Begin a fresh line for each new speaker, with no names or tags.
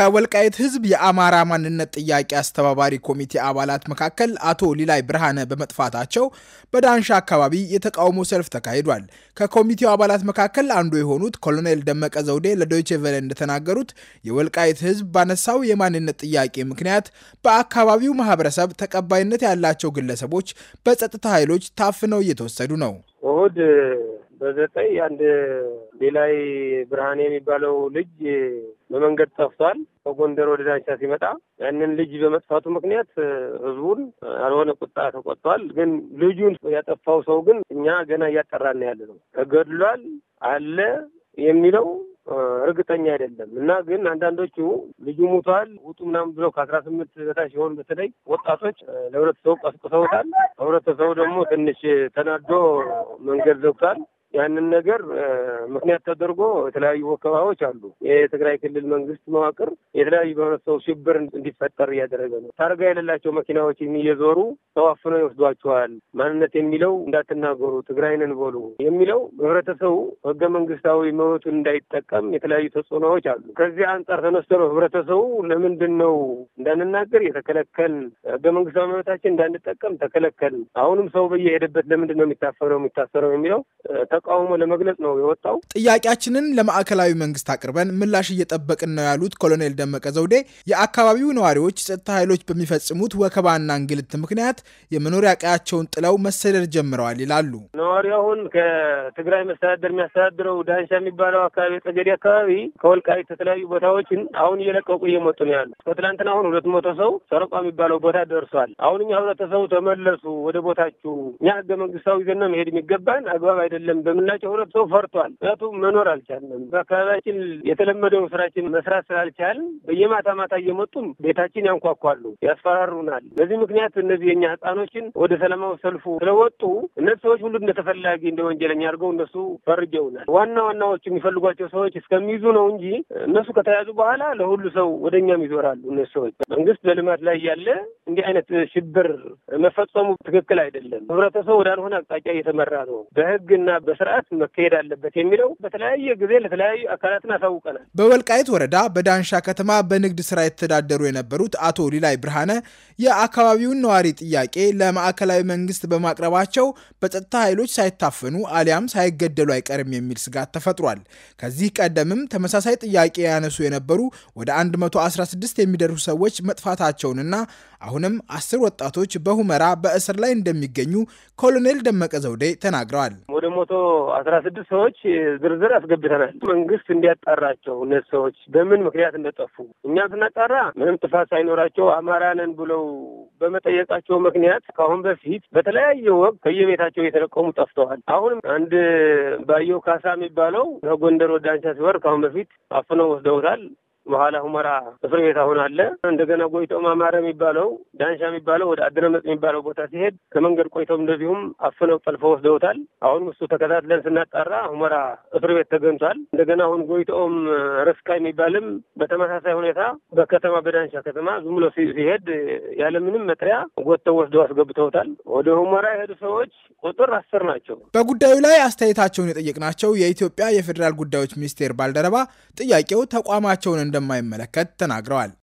ከወልቃይት ህዝብ የአማራ ማንነት ጥያቄ አስተባባሪ ኮሚቴ አባላት መካከል አቶ ሊላይ ብርሃነ በመጥፋታቸው በዳንሻ አካባቢ የተቃውሞ ሰልፍ ተካሂዷል። ከኮሚቴው አባላት መካከል አንዱ የሆኑት ኮሎኔል ደመቀ ዘውዴ ለዶይቼ ቬለ እንደተናገሩት የወልቃይት ህዝብ ባነሳው የማንነት ጥያቄ ምክንያት በአካባቢው ማህበረሰብ ተቀባይነት ያላቸው ግለሰቦች በጸጥታ ኃይሎች ታፍነው እየተወሰዱ ነው።
እሁድ በዘጠኝ አንድ ሌላይ ብርሃኔ የሚባለው ልጅ በመንገድ ጠፍቷል። ከጎንደር ወደ ዳንሻ ሲመጣ ያንን ልጅ በመጥፋቱ ምክንያት ህዝቡን ያልሆነ ቁጣ ተቆጥቷል። ግን ልጁን ያጠፋው ሰው ግን እኛ ገና እያጠራን ያለ ነው። ተገድሏል አለ የሚለው እርግጠኛ አይደለም እና ግን አንዳንዶቹ ልጁ ሙቷል ውጡ ምናምን ብለው ከአስራ ስምንት በታች ሲሆን በተለይ ወጣቶች ለህብረተሰቡ ቀስቅሰውታል። ህብረተሰቡ ደግሞ ትንሽ ተናዶ መንገድ ዘግቷል። ያንን ነገር ምክንያት ተደርጎ የተለያዩ ወከባዎች አሉ። የትግራይ ክልል መንግስት መዋቅር የተለያዩ በህብረተሰቡ ሽብር እንዲፈጠር እያደረገ ነው። ታርጋ የሌላቸው መኪናዎች እየዞሩ ሰው አፍነው ይወስዷቸዋል። ማንነት የሚለው እንዳትናገሩ ትግራይንን በሉ የሚለው ህብረተሰቡ ህገ መንግስታዊ መብቱን እንዳይጠቀም የተለያዩ ተጽዕኖዎች አሉ። ከዚህ አንጻር ተነስቶ ነው ህብረተሰቡ ለምንድን ነው እንዳንናገር የተከለከል? ህገ መንግስታዊ መብታችን እንዳንጠቀም ተከለከል። አሁንም ሰው በየሄደበት ለምንድን ነው የሚታፈረው የሚታሰረው የሚለው ተቃውሞ
ለመግለጽ ነው የወጣው። ጥያቄያችንን ለማዕከላዊ መንግስት አቅርበን ምላሽ እየጠበቅን ነው ያሉት ኮሎኔል ደመቀ ዘውዴ የአካባቢው ነዋሪዎች ጸጥታ ኃይሎች በሚፈጽሙት ወከባና እንግልት ምክንያት የመኖሪያ ቀያቸውን ጥለው መሰደድ ጀምረዋል ይላሉ።
ነዋሪ አሁን ከትግራይ መስተዳደር የሚያስተዳድረው ዳንሻ የሚባለው አካባቢ ጠገዴ አካባቢ ከወልቃይት የተለያዩ ቦታዎችን አሁን እየለቀቁ እየመጡ ነው ያሉ። ከትላንትና አሁን ሁለት መቶ ሰው ሰረቋ የሚባለው ቦታ ደርሷል። አሁን እኛ ህብረተሰቡ ተመለሱ ወደ ቦታችሁ፣ እኛ ህገ መንግስታዊ ዘና መሄድ የሚገባን አግባብ አይደለም በምናጨው ሁለት ሰው ፈርቷል። ምክንያቱም መኖር አልቻለም። በአካባቢያችን የተለመደው ስራችን መስራት ስላልቻል በየማታ ማታ እየመጡም ቤታችን ያንኳኳሉ፣ ያስፈራሩናል። በዚህ ምክንያት እነዚህ የኛ ህጻኖችን ወደ ሰላማዊ ሰልፉ ስለወጡ እነዚህ ሰዎች ሁሉ እንደተፈላጊ እንደ ወንጀለኛ አድርገው እነሱ ፈርጀውናል። ዋና ዋናዎቹ የሚፈልጓቸው ሰዎች እስከሚይዙ ነው እንጂ እነሱ ከተያዙ በኋላ ለሁሉ ሰው ወደ እኛም ይዞራሉ። እነሱ ሰዎች መንግስት በልማት ላይ ያለ እንዲህ አይነት ሽብር መፈጸሙ ትክክል አይደለም። ህብረተሰቡ ወዳልሆነ አቅጣጫ እየተመራ ነው። በህግና በ ስርዓት መካሄድ አለበት የሚለው በተለያየ ጊዜ ለተለያዩ አካላትን አሳውቀናል።
በወልቃይት ወረዳ በዳንሻ ከተማ በንግድ ስራ የተዳደሩ የነበሩት አቶ ሊላይ ብርሃነ የአካባቢውን ነዋሪ ጥያቄ ለማዕከላዊ መንግስት በማቅረባቸው በጸጥታ ኃይሎች ሳይታፈኑ አሊያም ሳይገደሉ አይቀርም የሚል ስጋት ተፈጥሯል። ከዚህ ቀደምም ተመሳሳይ ጥያቄ ያነሱ የነበሩ ወደ 116 የሚደርሱ ሰዎች መጥፋታቸውንና አሁንም አስር ወጣቶች በሁመራ በእስር ላይ እንደሚገኙ ኮሎኔል ደመቀ ዘውዴ ተናግረዋል።
ወደ ሞቶ አስራ ስድስት ሰዎች ዝርዝር አስገብተናል። መንግስት እንዲያጣራቸው እነዚህ ሰዎች በምን ምክንያት እንደጠፉ እኛም ስናጣራ ምንም ጥፋት ሳይኖራቸው አማራ ነን ብለው በመጠየቃቸው ምክንያት ከአሁን በፊት በተለያየ ወቅት ከየቤታቸው የተለቀሙ ጠፍተዋል። አሁንም አንድ ባየው ካሳ የሚባለው ከጎንደር ወደ አንቻ ሲወር ከአሁን በፊት አፍነው ወስደውታል። በኋላ ሁመራ እስር ቤት አሁን አለ። እንደገና ቆይቶም አማረ የሚባለው ዳንሻ የሚባለው ወደ አድረመጽ የሚባለው ቦታ ሲሄድ ከመንገድ ቆይቶም እንደዚሁም አፍነው ጠልፎ ወስደውታል። አሁን እሱ ተከታትለን ስናጣራ ሁመራ እስር ቤት ተገኝቷል። እንደገና አሁን ጎይቶም ረስካ የሚባልም በተመሳሳይ ሁኔታ በከተማ በዳንሻ ከተማ ዝም ብሎ ሲሄድ ያለምንም መጥሪያ ጎተው ወስደው አስገብተውታል። ወደ ሁመራ የሄዱ ሰዎች ቁጥር አስር ናቸው።
በጉዳዩ ላይ አስተያየታቸውን የጠየቅናቸው የኢትዮጵያ የፌዴራል ጉዳዮች ሚኒስቴር ባልደረባ ጥያቄው ተቋማቸውን እንደ እንደማይመለከት ተናግረዋል።